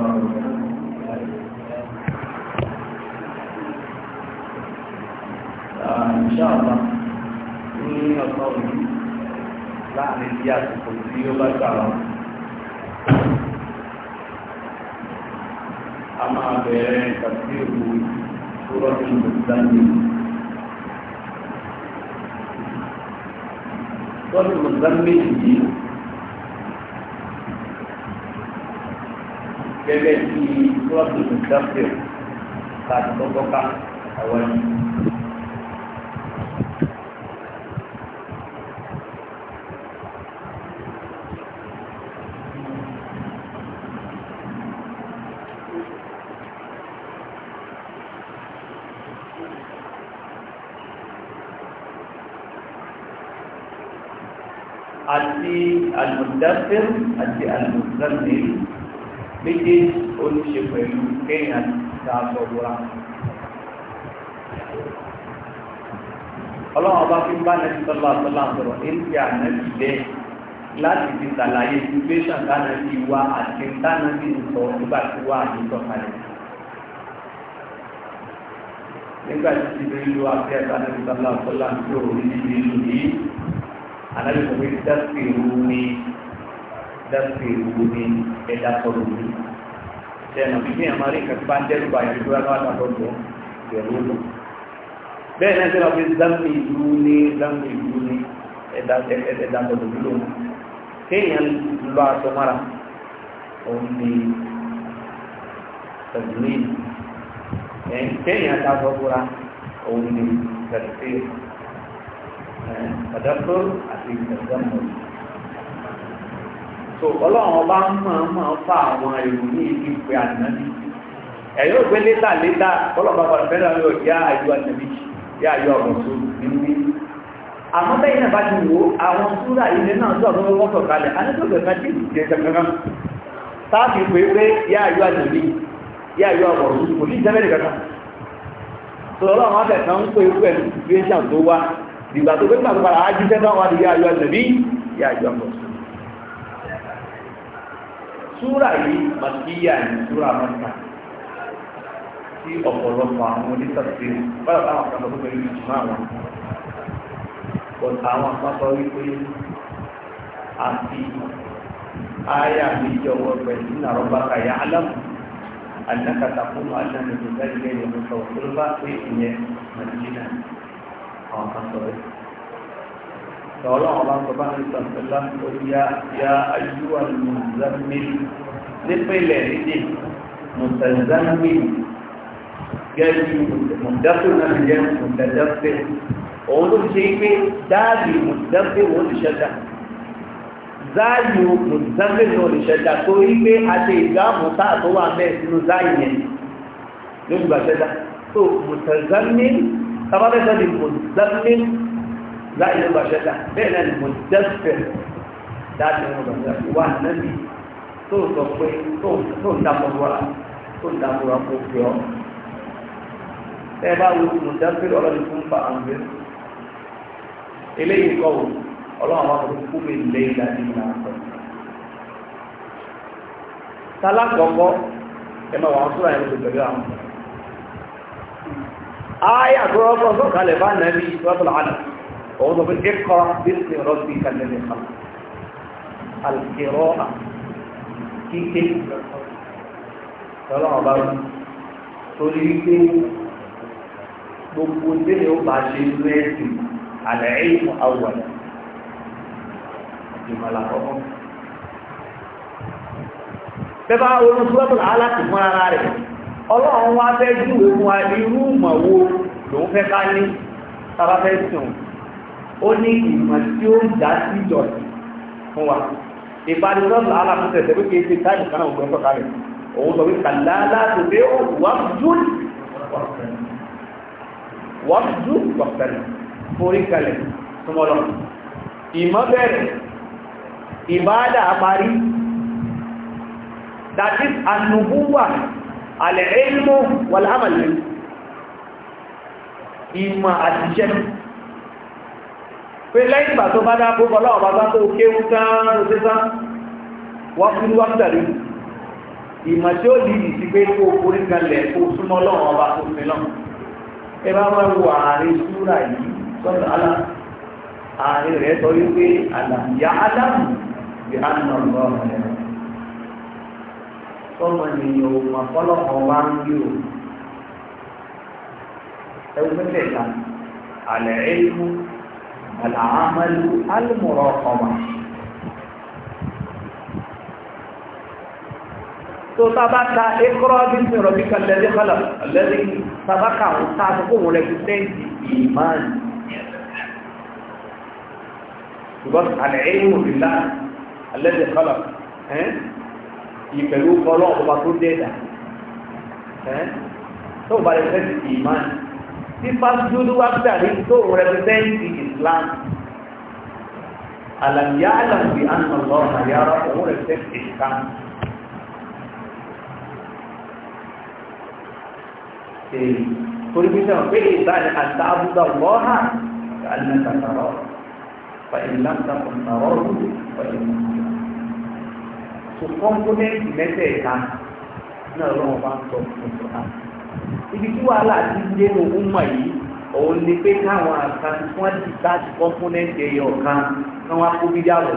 ìṣàlá ní ọ̀sán òní láàrin bí àsìkò tí ó bá gbàrà a máa bẹ̀rẹ̀ ìtàkì òwú gẹ́gẹ́ bí klọ́ọ̀tù ìdáfẹ́ láti kọ́kọ́ ká àwọn ẹni. àti àlùmọ̀dáfẹ́ àti àlùmọ̀dáfẹ́ méjèèjì ó ní ṣe pẹ̀lú kéèyàn ta aṣọ bora. ọlọ́run ọba fi ń bá nẹ́bí sọ́lá sọ́lá sọ̀rọ̀ èsì ànábì bẹ́ẹ̀ láti fi ṣàlàyé situation tánàbí wa àti tánàbí sọ nígbà tí wà ní sọ̀kalẹ̀. nígbà tí ti bẹ́ẹ̀ lu afẹ́ tánàbí sọ́lá sọ́lá tí ò ní ìlú yìí ànábì kò fi dá sí ìrú ni dákú èrò ní ẹ̀dá sọ̀rọ̀ mi tẹnu bíbí ẹ̀ máa rí nǹkan bá ń dẹ́rù bá ìlú tó yàtọ̀ àtàkọ́jọ́ ìrù lọ bẹ́ẹ̀ náà tẹ́lá pé dákú ìlú ní dákú ìlú ní ẹ̀dá sọ̀rọ̀ mi lòun kéèyàn lọ aṣọ mára òun ni kéèyàn ta sọ fúra òun ni tẹ̀lé ẹ̀ tẹ̀lé àti tẹ̀lé tó ọlọ́run ọba ń mọ̀ ń mọ̀ fa àwọn èrò ní ibi ìpè ànábì ẹ̀yọ́ ògbé létà létà ọlọ́ba padà fẹ́ràn lọ yá ayọ ànábì yá ayọ ọ̀rọ̀ tó níwí àmọ́ bẹ́ẹ̀ náà bá ti wò àwọn súrà ilé náà tó àwọn ọmọ ọkọ̀ kalẹ̀ anájọ́gbẹ̀ kan tí kì í jẹ kankan táàbì pé pé yá ayọ ànábì yá ayọ ọ̀rọ̀ tó kò ní ìjẹ́mẹ́rẹ̀ kankan tọ́lọ́ àwọn afẹ́kan ń pè pẹ̀lú súrà yìí màkìyà ní súrà mẹ́ta tí ọ̀pọ̀lọpọ̀ àwọn onítàbí bára táwọn kan lọ́pọ̀ pẹ̀lú ìjùmọ̀ àwọn bọ̀tà àwọn àpapọ̀ wípé àti àyà méjì ọwọ́ pẹ̀lú nàrọ̀ bàkà yà álámù alákàtà fún alámù ìgbàlẹ̀ ìlú sọ̀rọ̀ tó bá pé ìyẹn màdínà àwọn kan sọ̀rọ̀ فولو الله سبحانه وتعالى قل يا يا أيها المزمل نقل لديه متزمل جاي مدفر من جاي متدفر وقولوا شيء دالي متدفر ونشدة záàyò mùsùlùmí olùṣẹ̀dá tó rí pé a ṣe ìgbàmù táà tó wà mẹ́ sínú záàyè yẹn lórí ìgbàṣẹ́dá tó mùsùlùmí tábàbẹ́sẹ̀ ni mùsùlùmí láì ló bá ṣẹlẹ̀ bẹ́ẹ̀ náà ni mo dẹ́sẹ̀ láti ọmọ bàtà wà nẹ́bí tó sọ pé tó ń dámọ́ra tó ń dámọ́ra kó fi ọ́ ẹ bá wo mo dẹ́sẹ̀ ọlọ́ni fún fa àǹfẹ́ eléyìí kọ́ wò ọlọ́run àwọn akọ̀tún fún mi lẹ́yìn láti ní àkọ́ sálákọ̀ọ́kọ́ ẹ máa wà ń súra ẹ̀rọ pẹ̀lú àwọn ayé àkọ́rọ́kọ́ sọ̀kalẹ̀ bá nàbí ìfọ́tọ̀lá àdàkù وهو بالإقرأ باسم ربك الذي خلق القراءة kíké ọlọ́run bá rí torí wípé gbogbo délé ó bá ṣe lẹ́ẹ̀sì àlẹ́ ìmọ̀ àwọ̀lẹ̀ ìmọ̀lá ọkọ̀. bẹ́ẹ̀ bá ronú sọ́dọ̀ aláàtì fún ara rẹ̀ ọlọ́run wá fẹ́ júwe fún wa irú ìmọ̀ wo lòun fẹ́ ká ní tábà fẹ́ sùn ó ní ìmọ̀ tí ó dá sí ìjọsìn fún wa ìbánisọ́ọ̀lù alákùnrin tẹ̀sẹ̀ pé kìí ṣe táìmù kan náà gbọ́n sọ̀kalẹ̀ òun sọ pé kàlá láti pé ó wà jùlọ wà jùlọ pọ̀pẹ̀lẹ̀ forí kalẹ̀ súnmọ́lọ́ ìmọ̀ bẹ̀rẹ̀ ìbáadà àparí that is annubuwa alẹ́ẹ̀lmọ́ wàlámàlẹ́ ìmọ̀ àtijẹ́ pé lẹ́yìn ìgbà tó bá dá gbogbo ọlọ́wọ́ bá bá tó kéwú tán ló ṣe tán wọ́n fi wá tẹ̀lé ìmọ̀ tí ó di ìsì pé kó o forí kalẹ̀ kó o súnmọ́ lọ́wọ́ ọba tó fi lọ́wọ́ ẹ bá wọn wo ààrin súra yìí sọ́dọ̀ alá ààrin rẹ̀ sọ wípé àlà ìyá ádámù bí a nà lọ rẹ̀ sọ́mọ nìyẹn o mà fọ́lọ́ ọba ń bí o ẹ wọ́n mẹ́tẹ̀ẹ̀ta àlẹ́ ẹ̀yìn mú àlàámẹ́lú alìmọ̀rọ̀ ọmọ tó tábà ta ẹkọ́rọ́ bí i rọ̀ bí kàlẹ́lẹ́ kọ́lọ̀ lẹ́lẹ́ tábà kàwọn tá a fọ́kọ́ wọn rẹ̀kú tẹ́ǹtì ìmáàlì ṣùgbọ́n àlẹ́ẹ̀mù ìlà alẹ́lẹ́ kọ́lọ̀ ìpẹ̀lú kọ́lọ̀ ọba tó dẹ́ẹ̀dà tó bá rẹ̀ tẹ́ǹtì ìmáàlì tí fásitì wá gbàdé tó rẹpẹtẹ́ǹtì Islam àlàyé àlàyé ànàlọ́ àyàrá òun rẹpẹtẹ́ǹtì Islam èyí torí bí sẹ́wọ̀n pé ìbáni àti àbúgbà lọ́hà àlẹ́ kàtàrọ̀ fa ìlà kàtàrọ̀ fa ìlà so kọ́ńpọ́nẹ́ǹtì mẹ́tẹ̀ẹ̀ta náà lọ́wọ́ bá ń sọ fún ìṣòro náà ibi tí wàhálà ti dé òun mọ̀ yìí òun ni pé káwọn àkàn fún àdìsáàtì kọ́fúnẹ́ǹtì ẹ̀yọ̀ kan káwọn akóbídà lọ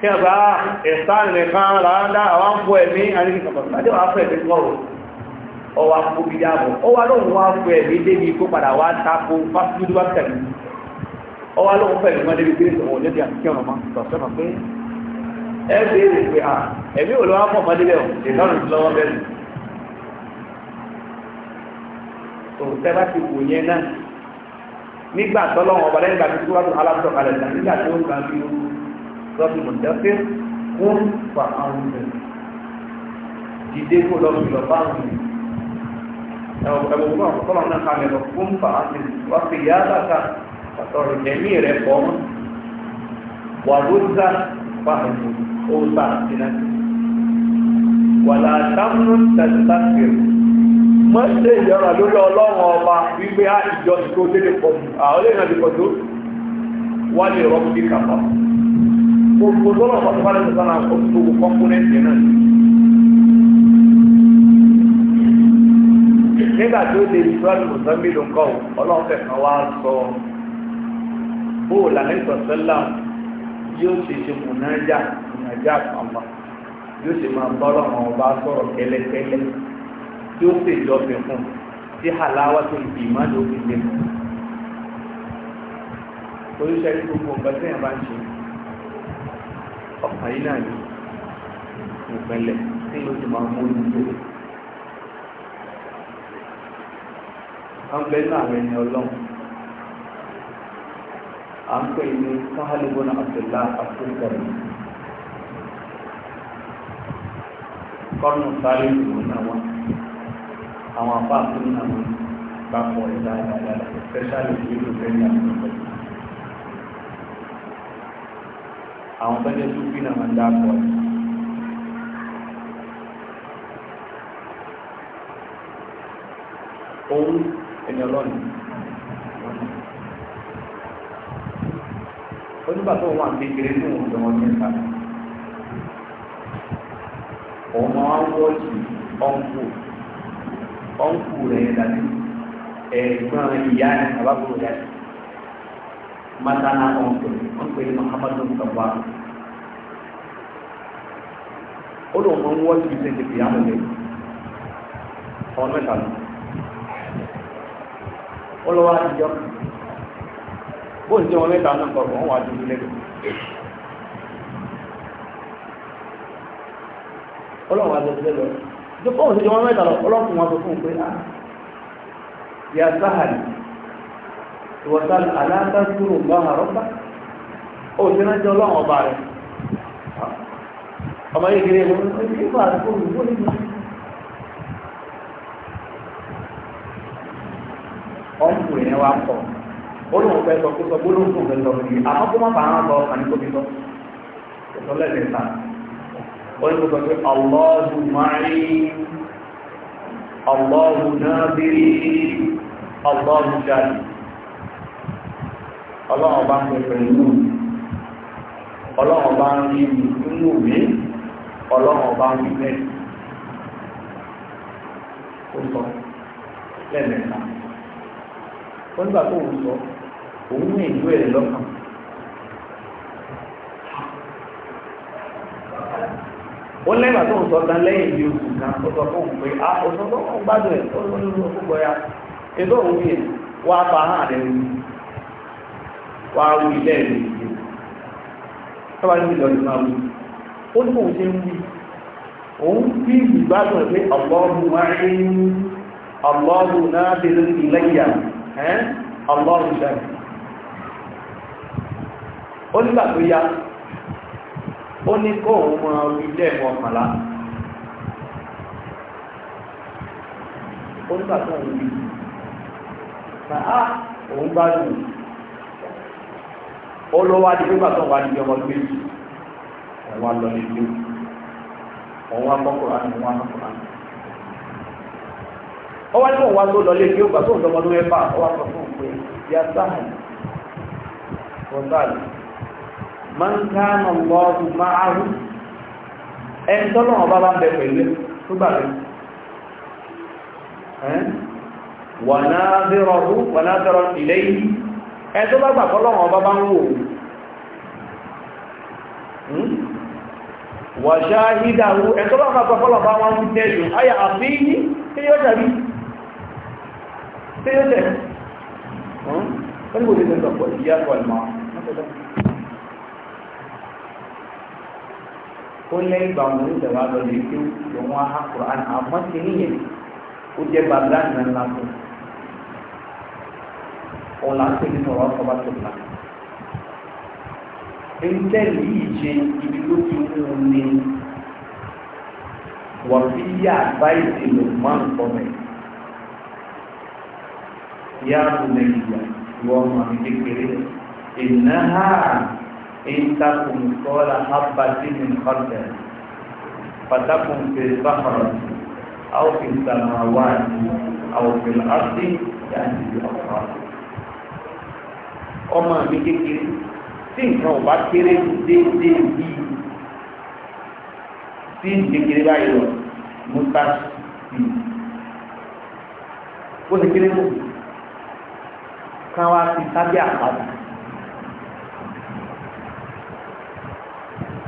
kẹba ẹ̀sá nìkan ràádá àwọn fún ẹ̀mí ọwà kóbídàbọ̀ ọwà lóun wá fún ẹ̀mí débi kó padà wá tako fásitì wá tẹ̀lé ọwà lóun fún ẹ̀mí wọn débi pé ọwọ́ lẹ́bi àti kí ọ̀nà máa sọ̀sọ́nà pé ẹ bèèrè pé ẹ̀mí ò lọ́wọ́ pọ̀ mọ́dé bẹ́ẹ̀ tòun tẹ́ bá ti wò yẹn náà nígbà tọ́lọ́wọ́n ọba lẹ́yìn gbàgbé tó wà tó alábùtọ̀ kalẹ̀ náà nígbà tó ń kan fi wú lọ́sí mọ̀tẹ́fẹ́ fún fa àwọn ọ̀rẹ́ dìde kó lọ sí lọ́ba àwọn ọ̀rẹ́ ẹ̀wọ̀n fún àwọn tọ́lọ́wọ́n náà kalẹ̀ lọ fún fa àti wá fi yá bàtà àtọ̀rọ̀ ẹ̀mí rẹ̀ pọ̀ wà ló dá fa òòtà sínáà wà látàmúnú tẹ̀síta fèrè mọ́ ṣe ìyọ́ra lórí ọlọ́run ọba wípé á ìjọ tó délé pọ̀ jù àwọn ilé ìrìnàjò pọ̀ tó wà lè rọ́ bí kàpá gbogbo tọ́lọ̀ ọ̀pọ̀ tó bá lẹ́nu sọ́nà gbogbo kọ́kúnẹ́ǹtì náà nígbà tí ó lè israẹli mùsùlùmí ló ń kọ́ ọlọ́run fẹ̀kan wá sọ bóòlù àmì sọ̀sẹ́lá yóò ṣe ṣe mùnájà mùnájà àpamọ́ yóò tí ó ṣe ìjọsìn fún tí àláwá tó ń bì má ló fi lè fún oríṣẹ́ ní gbogbo nǹkan tí èèyàn bá ń ṣe ọkàn yìí náà ni ìpínlẹ̀ tí ló ti máa mú ní ilé wọ́n bẹ ní àwọn ẹni ọlọ́run à ń pè ní sáhálùbọ́nà àtẹ̀lá àfúrúkọ̀ rẹ̀ kọ́nù sáré ìlú náà àwọn apá àtúntò náà bá pọ̀ ìdá ìdàgbàdà especially if you fẹ́ ní àwọn ọ̀gbẹ́. àwọn tọ́jú tó bí náà máa ń dá pọ̀ yìí. òun ẹni ọlọ́ni onígbà tó wà kékeré ní òun tó wọn mẹ́ta òun máa ń wọ́ọ̀tì ọ̀npọ̀ ọ̀nkù rẹ̀ dàbí ẹ̀gbọ́n ìyá rẹ̀ àbábọ̀ rẹ̀ mátánà ọ̀nkù wọ́n pè ní muhammadu sọ̀bọ̀ ó lóun mọ̀ ń wọ́n ti ṣe ti fìyàwó rẹ̀ ọmọ mẹ́ta lọ ó lọ́wọ́ àtijọ́ bó ń jẹ́ wọn mẹ́ta náà kọ̀ọ̀kan wọ́n wà á dúró lẹ́gbẹ̀ẹ́. ọlọ́run adé sílẹ̀ lọ dùkọ́ òsèjọ wọn mẹ́ta lọ ọlọ́pùn wọn fún pé a yà sáhàlì ìwọ̀sán aláàtàkùrù gbáhàrọ́pá ó ti rántí ọlọ́run ọba rẹ̀ ah, ọmọ yìí kiri ẹ̀mọ́ nípa àtàkùrù ó ní ọ̀pù ìyẹn wa kọ̀ olóhùn fẹ́ sọ kó kó má bàa ń lọ wọ́n tó kọ̀kọ́ Allahu ma'i Allahu nadiri Allahu jari ọlọ́run bá ń pẹ pẹ̀lú ọlọ́run bá ń rí inú mi ọlọ́run bá ń rí mẹ́ ó sọ lẹ́mẹ̀ẹ́ta ó nígbà tó ń sọ òun ní ìlú ẹ̀ lọ́kàn ó lẹ́gbà tó ń sọ tán lẹ́yìn ìlú oṣù kan ó sọ fún pé a ah, ó sọ fún òun gbádùn ẹ̀ tó ló ní ìlú ọkọ̀ ya ètò òun yìí wá pa hàn rẹ̀ wí wá wí lẹ́ẹ̀mí yìí tó bá ní ìlú ọdún máa wí ó ní òun ṣe ń wí òun bí ìgbádùn ẹ̀ pé ọlọ́run wá rí ọlọ́run náà ti rí ìlẹ́yà ọlọ́run ṣe ó nígbà tó yá ó ní kó òun máa wí lẹ́ẹ̀mọ́ ọ̀kànlá ó nígbà tó òun wí ṣáà òun bá dùn ó ló wá di pípa tó wà ní ọmọ méjì òun ọwụwa lọ ní ìlú òun wá kọ́kọ́rọ́ àti òun wá kọ́kọ́rọ́ àti ó man kana Allahu ma'ahu ẹni tọ́lọ́wọ́ bá bá ń bẹ pẹ̀lú tó gbà rẹ̀ wà náà zẹ́rọ̀ wà náà zẹ́rọ̀ ilé yìí ẹni tó bá gbà tọ́lọ́wọ́ bá bá ń wò wà ṣáhídàwó hmm? ẹni tó bá gbà tọ́lọ́wọ́ bá wọ́n ń tẹ́lù ayà àfihì tí yóò tẹ̀lú tí yóò tẹ̀lú hmm? ó lẹ́yìn ìgbà wọn ní ìjọba lọ lè tó lòun á kúrò àmọ́ ti níyẹn ó jẹ́ bàbá ìnáwó ńlá fún òun là ń pè ní sọ̀rọ̀ ọ̀sọ̀bá tó ńlá. Ẹnjẹ́ yìí ṣe ibi tó ti mú un ní wọ́n fi yá àbáyé lò máa ń kọ́ mẹ́. Yá àbúlé ìgbà wọ́n máa ń kékeré. Ìnáhà إن تكن مثقال حبة من خردل فتكن في البحر أو في السماوات أو في الأرض يأتي بأخرى ọmọ mi kékeré tí nǹkan ò bá kéré déédéé yìí tí kékeré báyìí lọ mustach sí ó ti kéré mú káwá sí sábẹ́ àpáta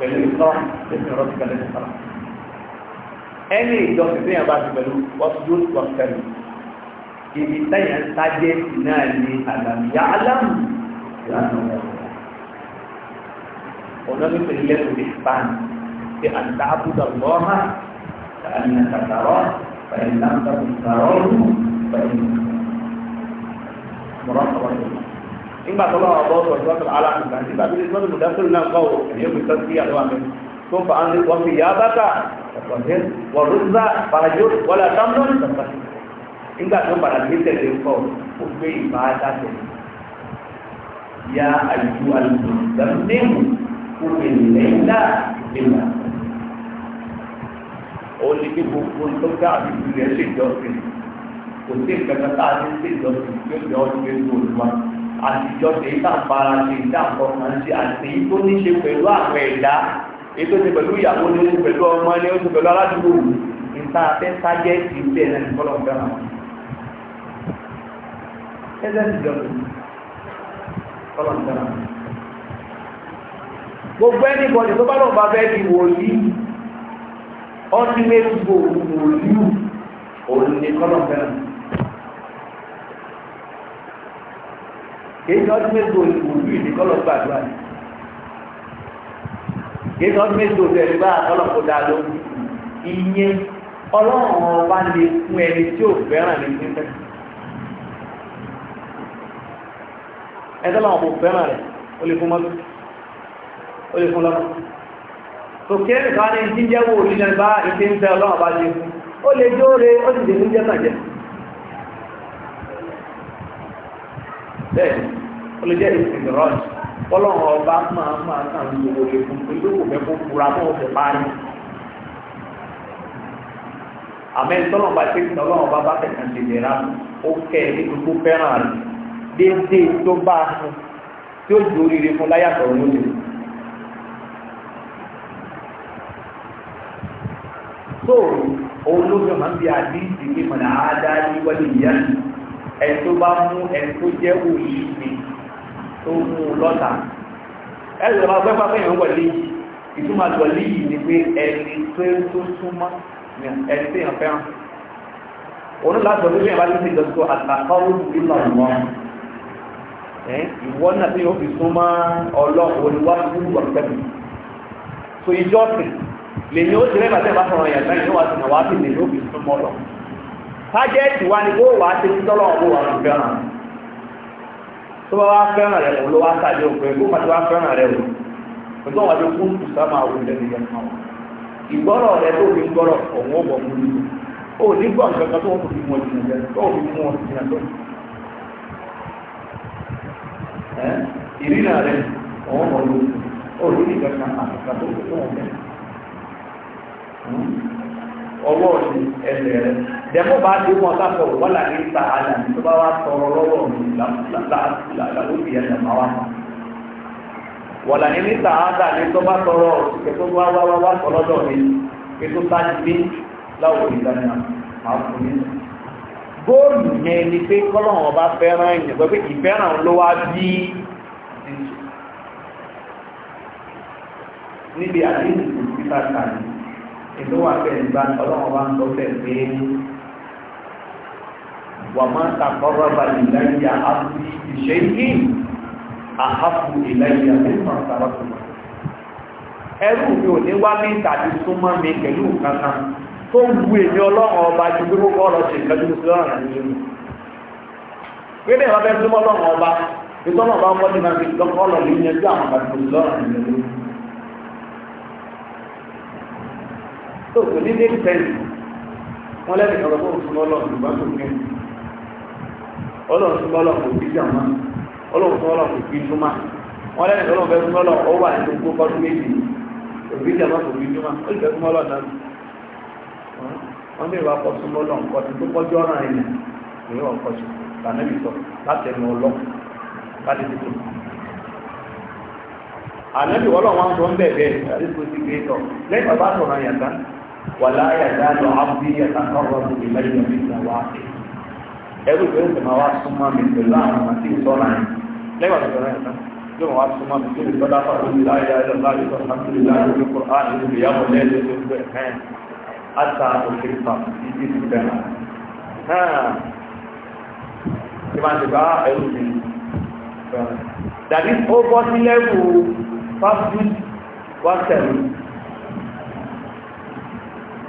pẹ̀lú ìtọ́ lẹ́sìn ọ̀rọ̀ ìgbà lẹ́sìn ọ̀rọ̀ ẹni ìjọsìn tí yàn bá ti pẹ̀lú wọ́sùdó wọ́sẹ̀lú ibi táyà ń sájẹ́ náà ní àlàmìyá aláàmù ìlànà ọ̀nà ní pẹ̀lú lẹ́sìn ìspan ti àǹtà àbúdà lọ́ha àmì àtàtàrọ́ pẹ̀lú àǹtà àbúdà lọ́rù pẹ̀lú mọ̀rọ̀ nígbà tó lọ́wọ́ ọ̀bọ̀ sọ̀rọ̀ sọ́tọ̀ aláàmìgbà nígbà tó lè sọ́tọ̀ mùdásílù náà kọ́ ẹ̀yẹ́ mi sọ́ sí àlọ́ àmì tó ń fa án lè wọ́pì yá bàtà wọ̀rúnzà fàájò wọlé àtàmúlò nígbà nígbà tó padà dé tẹ̀lé kọ́ ó gbé ìbá dáṣẹ̀ yá àyù àlùkò dàmínú àtijọ́ tèyí tàǹfààrà tèyí tàǹfọ̀kàn sí àtèyí tó ní ṣe pẹ̀lú àwọn ẹ̀dá èyí tó ṣe pẹ̀lú ìyàwó ní oṣù pẹ̀lú ọmọ ní oṣù pẹ̀lú aládùúgbò níta fẹ́ sájẹ́ sí ilé ẹ̀ ní kọ́lọ̀ fẹ́ràn wọn. ẹgbẹ́ ti jọ kọ́lọ̀ fẹ́ràn wọn. gbogbo ẹni bọ̀dì tó bá lọ́ọ̀ bá fẹ́ di wòlíì ọ́n mẹ́rin gbòòrò wòlíì òun ní kọ́lọ̀ fẹ́ràn kéde ọdún méjì òní òdú ìdí kọlọ gbàdúrà ni kéde ọdún méjì òdú ẹni bá kọlọ kó dáa ló ìyẹn ọlọ́run ọba lè fún ẹni tí ò fẹ́ràn ní pípẹ́ ẹgbẹ́ làwọn kò fẹ́ràn rẹ̀ ó lè fún mọ́tò ó lè fún lọ́kọ̀ tó kéde ní jíjẹ́wò òdìjẹ́ ń fẹ́ ọlọ́run ọba lè fún ó lè jóore ó sì dè ní jẹ́ tàjẹ́ bẹ́ẹ̀ olùjẹ́ ìsìnkìrọ́ọ̀jì kọ́lọ́run ọba máa máa kàn ń lo òye fún pé yóò fẹ́ kó fura fún ọ̀fẹ́ parí àmọ́ ẹni tọ́lọ́run bá ṣe tọ́lọ́run ọba bá kẹ̀kẹ́ ṣe lera ó kẹ́ ẹ ní gbogbo fẹ́ràn rẹ̀ déédéé tó bá a fún tí ó ju oríire fún láyàtọ̀ lóde. tó òun ló fẹ́ máa ń bi àdíjì pé mọ̀nà àádáa ní wọ́n lè tó bá mú ẹni tó jẹ́ wòlíì tó mú lọ́ta ẹ̀rọ ma gbẹ́fà fẹ́yàn wọlé yìí ìtumà wọlé yìí ni pé ẹni tó tó súnmọ́ ẹni tó yàn fẹ́ràn òun láti ọdún fẹ́yàn bá ti ṣe ìjọsọ àtàkọ́rù nínú ọ̀mọ́ ìwọ náà tí yóò fi súnmọ́ ọlọ́run oníwájú ọ̀tẹ́bù so ìjọsìn lèyìn ó ti rẹ́ bàtẹ́ bá sọ̀rọ̀ yàtọ̀ yìí wà sínú wàá fi lè yóò fi súnmọ́ lọ tájẹ́ẹ̀tì wa ni kó wàá ṣe títọ́lọ́ ọ̀gbọ́n wà lọ́fẹ́ràn tó bá wá fẹ́ràn rẹ̀ ló wá sáré òpin ẹgbẹ́ òpàtí wá fẹ́ràn rẹ̀ lò wà ìgbọ́rọ̀ rẹ̀ tó fi gbọ́rọ̀ ọ̀hún ọ̀bọ̀ mú ní o ní gbọ́ nǹkan tó fi rẹ̀ tó fi mú sí ìrìnà rẹ̀ ní nǹkan kan àkàkà tó fi ọwọ́ ọ̀sìn rẹ̀ dẹ̀mú bá dé wọn sáfọ̀ wọ́là ní sàhálà ní tó bá wá tọrọ lọ́wọ́ mi làlóbi ẹ̀ lọ́mọ wa wọ́là ní ní sàhálà ní tó bá tọrọ kẹtó wá wá wá wá tọlọ́dọ̀ mi kẹtó sáájú mi láwọ̀ ìdáná máa fún mi. góòlù yẹn ni pé kọ́lọ́hún ọba fẹ́ràn èèyàn pé ìfẹ́ràn ló wá bí níbi àdéhùn ìfúnpítà kan ètò wà bẹ́ẹ̀ nígbà kọ́lọ́hún ọba ń tọ́ bẹ́ẹ̀ pé وما تقرب إلي عبدي بشيء أحب إلي مما افترضت ẹrú mi ò ní wá ní tàbí súnmọ́ mi pẹ̀lú kankan tó ń bu èmi ọlọ́run ọba ju bí wọ́n lọ ṣe ìtọ́jú sí ọ̀ràn ní ìlú pé bẹ́ẹ̀ wọ́n fẹ́ súnmọ́ ọlọ́run ọba ìtọ́nà ọba ọmọdé náà fi lọ́kọ́ lọ lè yanjú àwọn àgbàdo lọ́rùn ní ìlú tó kò ní dé tẹ́lẹ̀ wọ́n lẹ́nu ìrọ̀lọ́pọ̀ òṣùwọ́n lọ́rùn ìgbà tó kẹ́yìn ọlọ́run tún bọ́lọ̀ kò kí jàmá ọlọ́run tún bọ́lọ̀ kò kí jùmá wọn lẹ́yìn tó lọ́wọ́ fẹ́ fún bọ́lọ̀ ó wà ní gbogbo kọ́dún méjì kò kí jàmá kò kí jùmá ó lè fẹ́ fún bọ́lọ̀ náà wọ́n ní ìwà kọ́ súnmọ́ lọ nǹkan tó kọjú ọ̀ràn ẹ̀yìn ìwé ọ̀kọ́ sí lànàbí sọ láti ẹnu ọlọ́ láti ti tó. ànábì ọlọ́ wọn sọ ń bẹ̀ bẹ́ẹ̀ láti kó sí pé tọ̀ lẹ́yìn bàbá sọ̀rọ̀ yàtá wà láyà dáadọ̀ ábí yàtá kọ́rọ̀ ní ìlẹ́yìn ọ̀gbìn náà wá sí ẹrú ìwé ìsìn máa wá súnmọ́ mi pẹ̀lú àwọn ọmọ tí ìsọ́ náà lẹ́wà tó rẹ̀ tán yóò máa wá súnmọ́ mi pẹ̀lú ìsọ́dá pàtó láyé ayé láyé tó máa tó láyé tó kọ́ á ní ìlú ìyàwó lẹ́yìn tó gbé ẹ̀hẹ́n àtà òkèrè pa títí ti bẹ̀ náà. ṣé máa ti bá ẹrú mi dàbí ó bọ́ sí lẹ́wù fásitì wá tẹ̀lé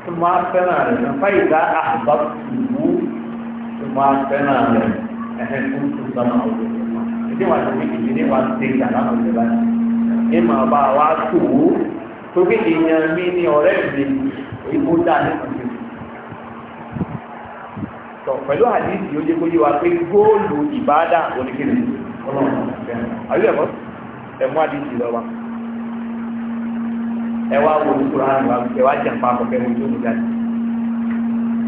tó máa fẹ́ràn rẹ̀ náà fáyìí dá àbá tùwú wọn á fẹ́ràn rẹ̀ ẹ̀hẹ́ fún ìsọ̀nà òde ìdí wa ti fi ìdí wa ti gbà lánàá òde báyìí ní màá bá wa tù ú tóbi èèyàn mi ní ọ̀rẹ́ mi ìbò dá ní kùtù tọ̀ pẹ̀lú àdìsí ó jẹ́ kó yé wa pé góòlù ìbáadà oníkèrè àbí ẹ̀kọ́ ẹ̀mú àdìsí lọ́wọ́ ẹ wá wo ìṣúra ẹ wá jẹ̀ àkọ́kẹ́ mo tó mú jáde.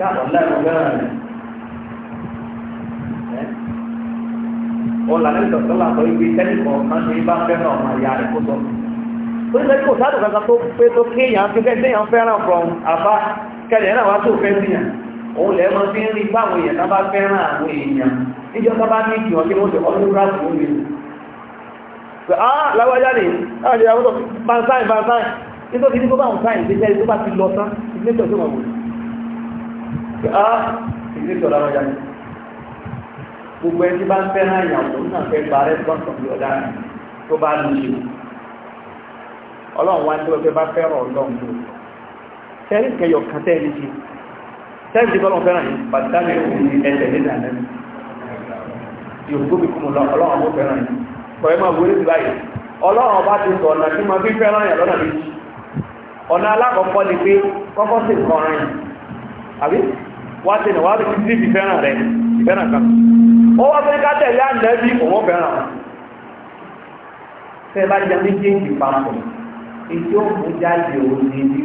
yàtọ̀ lẹ́nu náà ni. ọ̀là ní ìtọ̀tọ̀ là sọ ibi tẹ́lẹ̀ kọ̀ọ̀kan ní bá fẹ́ràn ọmọ ìyá rẹ̀ kó sọ. ó ní kò sáàtò kankan tó pé tó kéèyàn fi fẹ́ séèyàn fẹ́ràn from àbá kẹlẹ̀ wá tó fẹ́ síyàn. òun lẹ́ mọ sí ń rí báwọn èèyàn tábà fẹ́ràn àwọn èèyàn níjọ́ pé á ìdí sọ̀rọ̀ àwọn ìyàwó gbogbo ẹni bá ń fẹ́ràn ìyàwó náà fẹ́ gba rẹ́sọ̀tọ̀ bí ọ̀dà tó bá lù ṣe ọlọ́run wá ní ọjọ́ bá fẹ́ràn ọlọ́run lò tẹ́rì kẹyọ kan tẹ́rì ṣe tẹ́rì ṣe bọ́lọ̀ fẹ́ràn yìí pàtàkì òun ẹsẹ̀ nílẹ̀ àná yòókù mi kú mu lọ ọlọ́run ó fẹ́ràn yìí pẹ̀lú máa wọlé sí báyìí ọlọ́run bá ti sọ ọ̀nà tí mo fi fẹ́ràn yà lọ́nà méjì ọ̀nà alákọ̀ọ́kọ́ ni pé kọ́kọ́ sì kọrin àbí wá ṣe nà wá sí ìfẹ́ràn rẹ̀ ìfẹ́ràn kan ó wá ká fẹ́ràn fẹ́ bá jẹ papọ̀ èyí ó mú jáde òun ní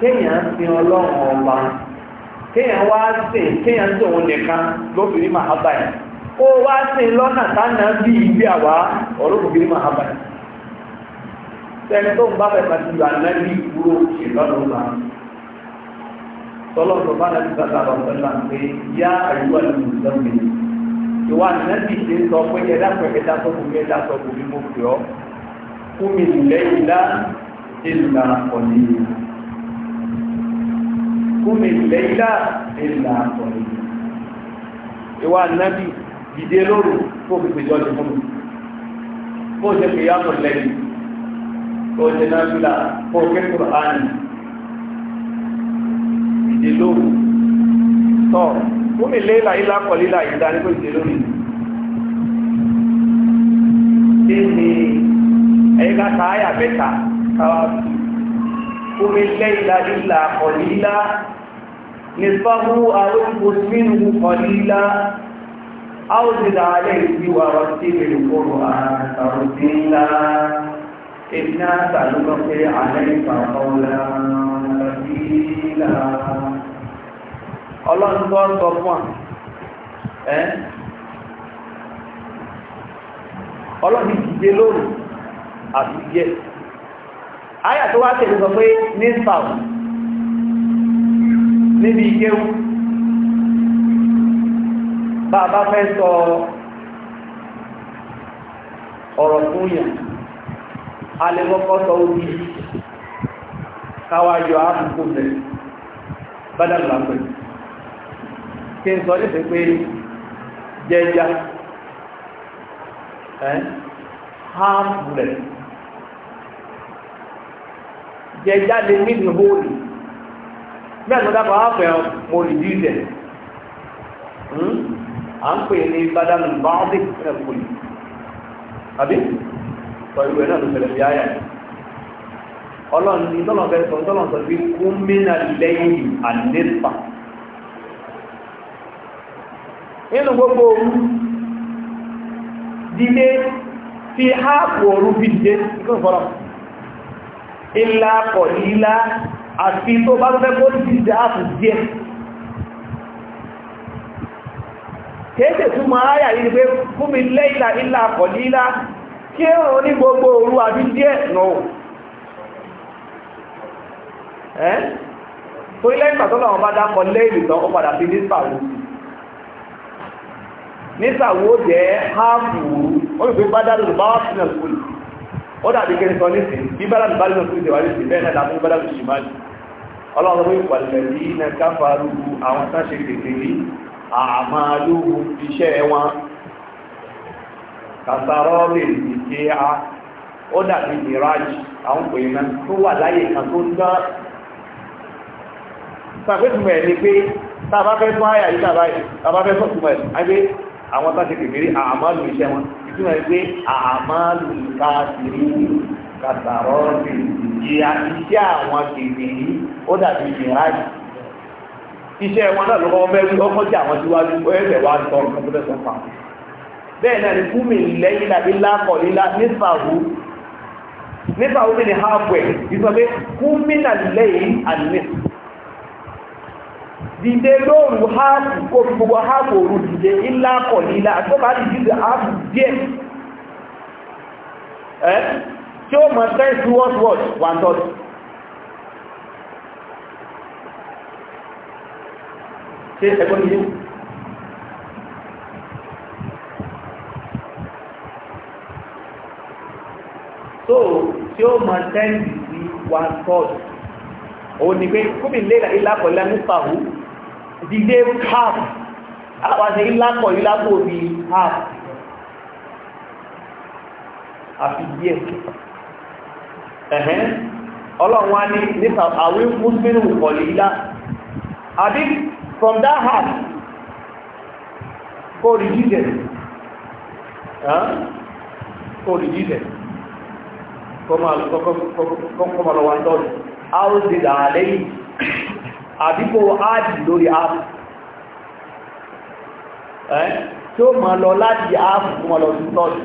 kéèyàn ọlọ́run ọba kéèyàn wá sìn kéèyàn nìkan lóbìnrin wá sìn lọ́nà bí àwa sẹ́ni tó ń bá fẹ́ tọ́lọ́sọ bá nàbí sàtàrà ọ̀sẹ̀lá pé yá àyúwà ní ìsọ́mì ìwà nàbí ṣe ń sọ pé ẹ̀dá pẹ̀lẹ́ dá sọ́kù bí ẹ̀dá sọ́kù bí mo fi ọ́ fún mi nílẹ̀ ìlà ìlà ọ̀lẹ́ fún mi nílẹ̀ ìlà ìlà ọ̀lẹ́ ìwà nàbí dìde lóru kó fi pèjọ́ ti dìde lóru tọ́ múmi lé láìlá kọ̀ lílà ìdá ní kò dìde lórí kí ni ẹ̀yìn ká ta áyà mẹ́ta káwá sí múmi lẹ́yìnlá lílà kọ̀ lílà nìfọ́mú àwọn ìbòsínú kọ̀ lílà أوزد عليه ورتب القرآن ترتيلا إنا سنلقي عليك قولا ثقيلا ọlọ́run tó fún à ẹ́ ọlọ́run ìdíje lóru àti jẹ́ ayà tó wá tẹ̀lé sọ pé ní south níbi ìkéwú bá fẹ́ sọ ọ̀rọ̀ fún a sọ káwàá kí n sọ nífẹ̀ẹ́ pé jẹja half bullet jẹja lè mid hole mẹ́rin dábọ̀ half ẹ̀ mo reduce ẹ̀ hmm? à ń pè ní badal baltic ẹ̀kùnrin àbí pẹ̀lú ẹ̀ náà ló fẹ̀lẹ̀ bí ayà ọlọ́run ní tọ́lọ̀ fẹ́ sọ tọ́lọ̀ sọ bí kúmínà lẹ́yìn àdínẹ́sà nínú gbogbo òru dìde fi háàpù òru bí dìde ikú ìfọ́lọ̀ ilá pọ̀ ilá àti tó bá fẹ́ kó dìde háàpù díẹ̀ kéèkè tún ma áyà yìí pé fún mi lẹ́ìlà ilá pọ̀ ilá kí ẹ̀rọ ní gbogbo òru àbí díẹ̀ náà ẹ́ tó ilẹ́ ìpàtọ́lọ̀ wọn bá dákọ̀ ó padà fi ní pàrọ̀ nísàwó jẹ́ háàfù ó rí pé bá dárò bá wà sínú ẹ̀kùn ó dàbí kí n sọ ní sí bí bá dárò bá lọ sí ìdẹ̀wà ní sí bẹ́ẹ̀ náà bá dárò sì máa jù ọlọ́run pé ìpàlẹ̀ ní a ó dàbí mirage àwọn pè náà tó wà láyé kan tó ń dán sàgbésùmọ̀ ẹ̀ ni pé tá a bá fẹ́ tún àyà yìí fẹ́ tún àyà àwọn tá a ṣe kèméré àmàlù iṣẹ́ wọn ìtumọ̀ ẹ̀ pé àmàlù káàkiri kàtàrọ́ọ̀tì ìyá iṣẹ́ àwọn kèméré ó dàbí ìrìnàjò iṣẹ́ wọn náà ló kọ́ mẹ́rin ọkọ̀ jẹ́ àwọn síwájú ẹ̀rẹ̀ wá sọ nǹkan tó fẹ́sọ̀ pa bẹ́ẹ̀ náà ni kúmi lẹ́yìn láti lákọ̀ lílá nífàwù nífàwù ní ni halfway ìsọ pé kúmi náà lẹ́yìn àníṣ dìde lóòrù háàpù kó fi gbogbo háàpù òru dìde ńlá kọ̀ nílá tó bá ti dìde háàpù díẹ̀ ẹ́ tí ó mọ̀ ten towards what one thirty ṣe ẹgbọ́n yìí so tí ó mọ̀ ten sí one thirty òun ni pé kúbi lé ìlàkọ̀lẹ́ nípa òun dìde half àpàṣẹ ìlàkọ̀ ìlàkọ̀ bí half àfi díẹ̀ ẹ̀hẹ́n ọlọ́run wá ní nípa àwọn mùsùlùmí kọ̀lì ìlà àbí from that half kò rí jíjẹ̀ kò rí jíjẹ̀ kọ́mọ̀ lọ́wọ́ àtọ́rọ̀ how did I lay àbíkò áàdì lórí áàpù ẹ́ tí ó máa lọ láti áàpù kó máa lọ sí tọ́jú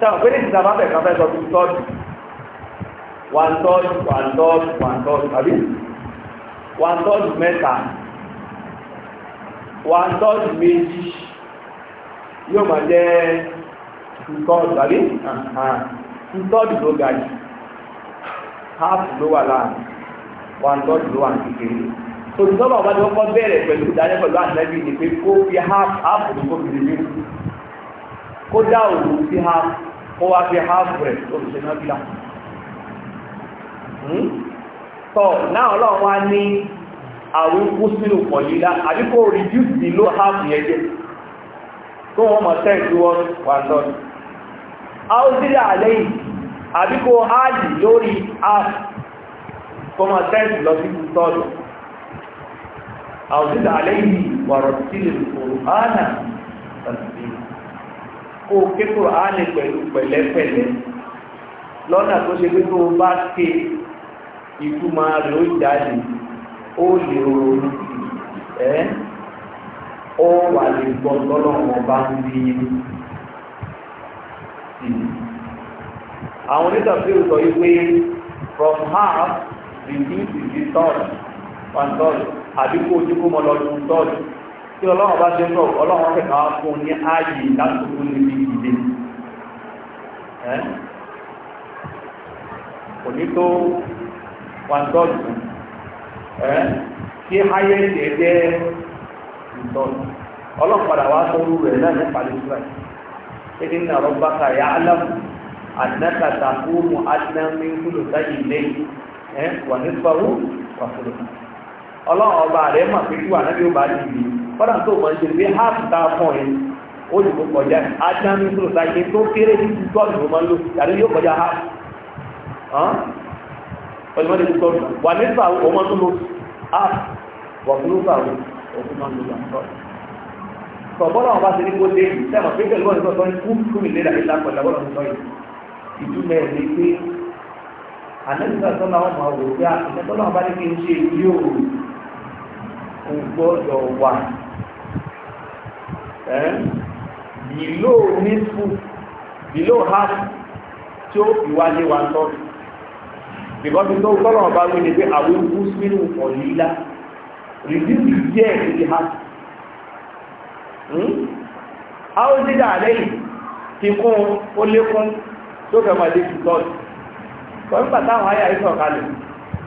sáwọn pé ní ìsìn àbábẹ̀ kan fẹ́ sọ sí tọ́jú one third one third one third àbí one third mẹ́ta one third méjì yóò máa jẹ́ two third àbí two third ló ga half ló wà láàrin wà lọ́dún ló wà ní kékeré olùsọ́bà ọba tí wọ́n kọ́ bẹ̀rẹ̀ pẹ̀lú ìdájọ́ pẹ̀lú àtẹ́bí ni pé kó fi háàpù ní kó fi lè kó dá òru sí háàpù kó wá fi háàpù rẹ̀ tó fi ṣe náà bí láti. tọ́ náà ọlọ́run wá ní àwọn sínú pọ̀ lílá àbí kó reduce the low háàpù yẹn jẹ́ tó wọ́n mọ̀ tẹ́ ìlú wọn wà lọ́dún. a ó sílẹ̀ àlẹ́ yìí àbí kó áàdì lórí háàpù kọmọ tẹ́ẹ̀sì lọ sí tọ́lù àwùjọ àlẹ́yìn wàrọ̀ sílẹ̀ kòròhánà tàbí kó ké kòròhánà pẹ̀lú pẹ̀lẹ́pẹ̀lẹ́ lọ́nà tó ṣe pé tó bá ké ìtumọ̀ rẹ̀ ó jáde ó lè ronú ẹ́ ó wà lè gbọ́ tọ́lọ́wọ́ bá ń bí àwọn onítàbí òsọ yìí from half rìlíìsì sí tọ́ọ̀lù wọn tọ́ọ̀lù àbí kó ojú kó mọ lọ ju tọ́ọ̀lù tí ọlọ́run bá ṣe sọ ọlọ́run kẹta wá fún ní ààyè lásìkò níbi ìdílé kò ní tó wọn tọ́ọ̀lù kí ayé ìdè jẹ́ ìtọ́lù ọlọ́run padà wá sọ́rú rẹ̀ náà ní pàlẹ́sìlẹ̀ ẹni náà rọ́bàkà yà á lẹ́mú sáyé lẹ́yìn ẹ wà ní sọ́wọ́ wà fúlù ọlọ́run ọba rẹ̀ mọ̀ pé kí wà náà bí ó bá dì í kọ́dà tó mọ̀ ṣe pé háàpù tá a fún ẹ ó lè kó kọjá ádámí tó sáyé tó kéré ní ti tọ́ọ̀lù ló máa ń lò tàbí yóò kọjá háàpù pẹ̀lú mọ́lẹ̀ tó tọ́ọ̀lù wà ní sọ́wọ́ ọmọ tó lò háàpù wà fúlù sọ́wọ́ òkú máa ń lò lọ́tọ́ọ̀lù sọ̀bọ́lọ̀ ọba ti ní kó dé pé pẹ̀lú ọ̀nà àlẹ́sìgbà tọ́lá wọn máa wò bí àtúnṣe tọ́lá wọn bá ní kí n ṣe ìlú òru kò gbọ́dọ̀ wà ó dídà hmm? lẹ́yìn ti kún ó lékún tó fẹ́ máa dé ti tọ́jú pẹ̀lú pàtàwọn ayà ìfẹ́ ọ̀kalẹ̀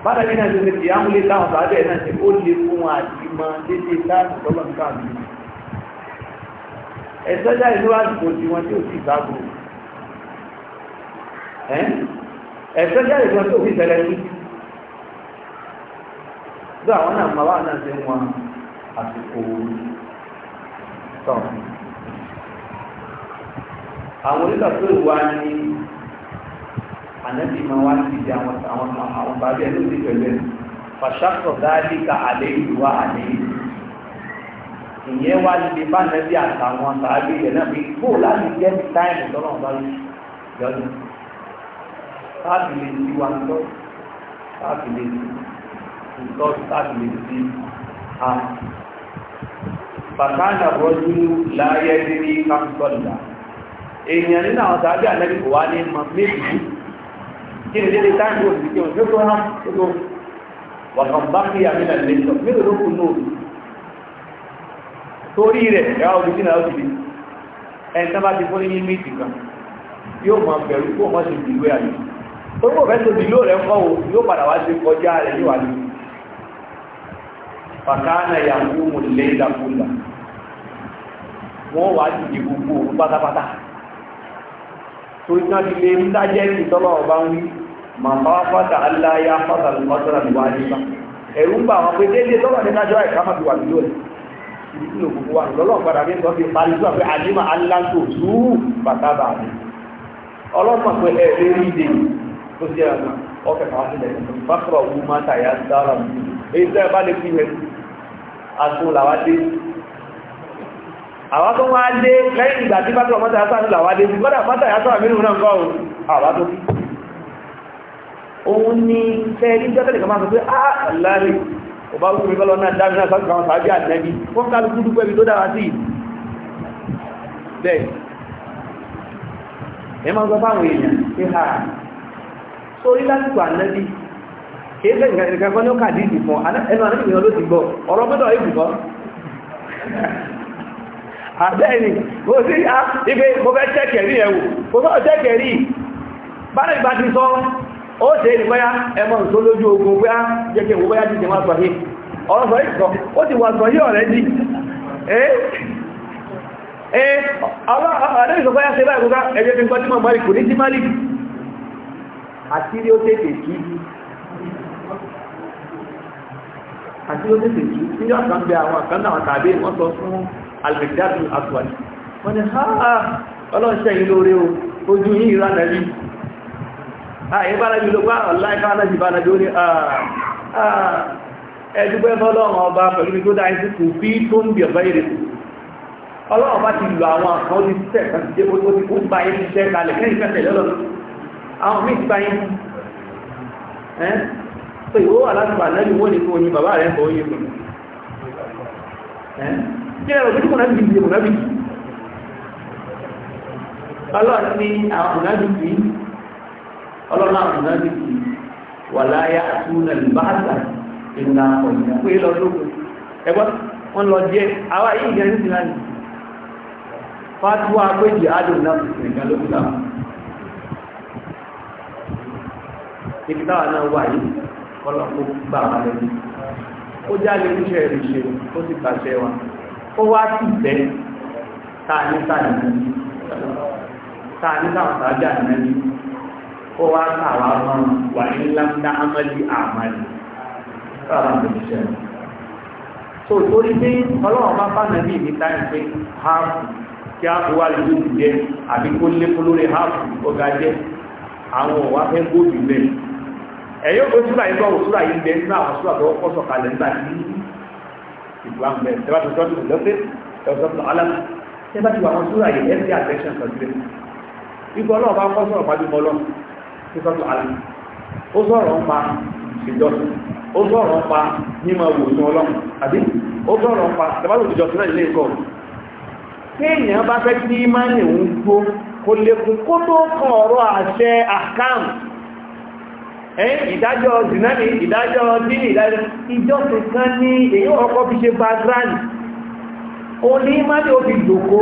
bára bí náà ṣe ti ámúlé táwọn bàbẹ̀ náà ṣe ó lè fún àti mọ dédé táàbù tọ́lọ̀ nǹkan àbí ẹ̀sọ́jà ìlú àdìgbò tí wọ́n tí ò sí ìgbàgbò ẹ̀sọ́jà ìlú tó fi tẹ̀lẹ̀ sí bí àwọn náà máa wà ànábì máa wá sí ibi àwọn àwọn àwọn bàbá ẹ̀ ló ti pẹ̀lú ẹ̀ fàṣàkọ̀ dáadé ka àlẹ́ ìlú wa àlẹ́ ìlú ìyẹn wá lè bá ànábì àtàwọn sàábì rẹ̀ náà bí kó láti jẹ́ ní táìmù tọ́lọ́ ọ̀bá yọjú sáàbì lè ti wá ń tọ́ sáàbì lè ti ń tọ́ lè ti ha bàtàlà rọ́jú láyé ní káńtọ́lá èèyàn nínú àwọn sàábì ànábì kò wá ní mọ́ méjì kí ni dédé táìmù òsì kí òsì tó hàn tó tó wàkàn bá kí àmìlà lè sọ mí ló kù nù torí rẹ̀ ẹ̀rọ òbí sínú àwọn òbí ẹni tó bá ti fún ní méjì kan yóò máa bẹ̀rù kó mọ́ sí ìlú àyè tó kò fẹ́ tóbi ló rẹ̀ kọ́ o yóò padà wá sí kọjá rẹ̀ yóò wà ní fàkánà yàgò mò lè dàkúlà wọ́n wá dìde gbogbo pátápátá torí náà ti lè ń dájẹ́ ìtọ́lọ́ ọba ń wí màfáfátà aláyá fásàlù mọ́sára ìwà nípa ẹ̀rù ń bá àwọn pé déédéé tọ́wọ́ ní nájọ́ ẹ̀ká máa fi wà nílò ẹ̀ ìdílé òkùnkùn wà lọ́lọ́ padà bí nǹkan fi parí sí àpé àdìmọ̀ aláǹtò sùúrù bàtàbà mi ọlọ́mọ pé ẹ lè rí ìdè tó sí ẹ̀rọ ọkẹ̀ kan sílẹ̀ fákọ̀rọ̀ wù má tàyà sára mi èyí tẹ́ ẹ bá lè fi yẹn àtún làwa dé àwa tó wá dé lẹ́yìn ìgbà tí fákọ̀rọ̀ mọ́tàyà sára mi làwa òun ni fẹ́ẹ̀rí jọ́tẹ̀lẹ̀ kan máa sọ pé ààlárí ah, ọba rúkú mi kọ́lọ́ náà dámì náà sọ́kùnkà wọn sàájú àdínẹ́bí wọ́n ká lùkú dúpẹ́ ibi tó dára sí bẹ́ẹ̀ ẹ máa sọ fáwọn èèyàn pé ha sórí lásìkò àdínẹ́bí kìí fẹ́ ìgbẹ̀rẹ̀ kan ní ó kàdí ìdì fún ẹnu àdínẹ́bí ló ti gbọ́ ọ̀rọ̀ gbọ́dọ̀ ìbùkọ́ àbẹ́ẹ̀ni mo sí ah, ibẹ̀ mo fẹ́ tẹ́kẹ̀rí ẹ̀wò mo fẹ́ tẹ́kẹ̀rí bá ó ṣe é ní bóyá ẹmọ nǹkan lójú ogun bóyá jẹ́ kí ìwọ bóyá ti jẹ wá sọ yìí ọ̀rọ̀ sọ yìí sọ ó ti wà sọ yìí ọ̀rẹ́ dì ẹ́ ọ̀rẹ́ ìsọ̀kọ́ yá ṣe báyìí gbogbo ẹgbẹ́ fi gbọ́ tí mọ̀ mọ́rí kò ní sí mọ́rí àti rí ó tètè kí àti ha ọlọ́ṣẹ́ yìí lóore o ojú yìí ìrànlẹ́bí ààyè ah, bá lájú ló pá ọ̀lá ìfà láti bá lájú ní ah, ah, ẹ̀dúgbẹ́ fọ́lọ́run ọba pẹ̀lú mi tó dá ẹ̀sìn kò fi tó ń bì ọ̀bá ìrètò ọlọ́run bá ti lọ àwọn àkọ́ ní tẹ̀ láti dé ó ti kó bá yín ṣiṣẹ́ kalẹ̀ kẹ́yìn fẹ́ tẹ̀lé ọlọ́run àwọn míì ti bá yín ọlọ́run àwọn náà ti kì í wà láyà àtúnà ìbáàtà ìlà ọ̀yìn pé lọ lóko ẹgbọ́ wọn lọ jẹ àwa yìí ìjẹ ní ìlànà fatuwa pé jì adùn náà ti sìn kan lókùtà ìpìtàwà náà wà yìí kọlọ̀ kó gbà wà lẹ́yìn ó jáde níṣẹ́ ìrìṣẹ́ ó sì pàṣẹ wa ó wá sì bẹ́ ta ní sáà ní sáà ní sáà ní sáà kó wá ká wá mọ́ wà ní lámdá amálí àmàlì sábà ń bẹ̀rẹ̀ sẹ́yìn. tó torí pé ọlọ́run bá bá nàbí mi táyì pé háàfù kí á wá lè lóògùn jẹ àbí kó lékún lórí háàfù ọ̀gá jẹ àwọn ọ̀wá fẹ́ gbòòdì bẹ́ẹ̀. ẹ̀yọ́ kó súrà yìí bọ̀ súrà yìí bẹ́ẹ̀ nínú àwọn súrà tó kọ́ sọ̀kalẹ̀ nígbà tí ìgbà ń bẹ̀rẹ̀ tẹ́bàtì sọ́tù lọ́pẹ́ tẹ́bàtì alámù tẹ́bàtì àwọn súrà yìí ẹ̀ sísọ́tù àlè ó sọ̀rọ̀ ń pa ìjọsìn ó sọ̀rọ̀ ń pa mímọ̀ wòsàn ọlọ́run àbí ó sọ̀rọ̀ ń pa tàbálò ìjọsìn náà ilé ìkọ̀ kéèyàn bá fẹ́ kí ìmánì ń gbó kò lè kún kó tó kan ọ̀rọ̀ àṣẹ àkàm ìdájọ́ zinani ìdájọ́ dínì ìdájọ́ ìjọsìn kan ní èyí ọkọ̀ fi ṣe background onímọ̀ ni ó fi dòkó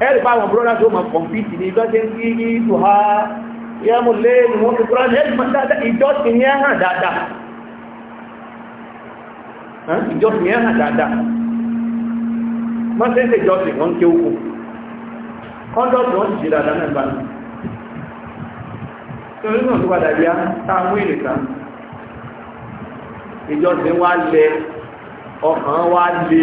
ẹ̀rì bá àwọn brọ́dá tó máa kọ̀mpítì ní ìjọ́ tí ń kí ìtò ha yẹ́mù lé ní wọ́n ti kúrọ́ ní ẹ̀rì máa dáadáa ìjọ́ ti ní ẹ̀hàn dáadáa ìjọ́ ti ní ẹ̀hàn dáadáa máa tẹ́sẹ̀ ìjọ́ ti wọ́n ké oko kọ́ndọ̀tì kan ìjọ́ ti wá lẹ ọkàn wá lé